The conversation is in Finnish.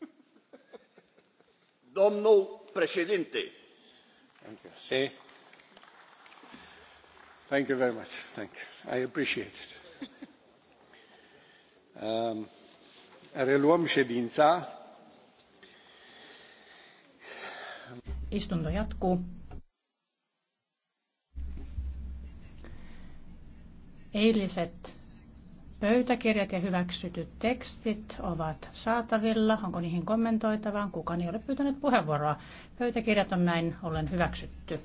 Domnul președinte. Thank you. See? Thank you very much. Thank you. I appreciate it. Um, reluăm ședința. Istunto jatkuu. Eiliset Pöytäkirjat ja hyväksytyt tekstit ovat saatavilla. Onko niihin kommentoitavaa? Kukaan ei ole pyytänyt puheenvuoroa. Pöytäkirjat on näin ollen hyväksytty.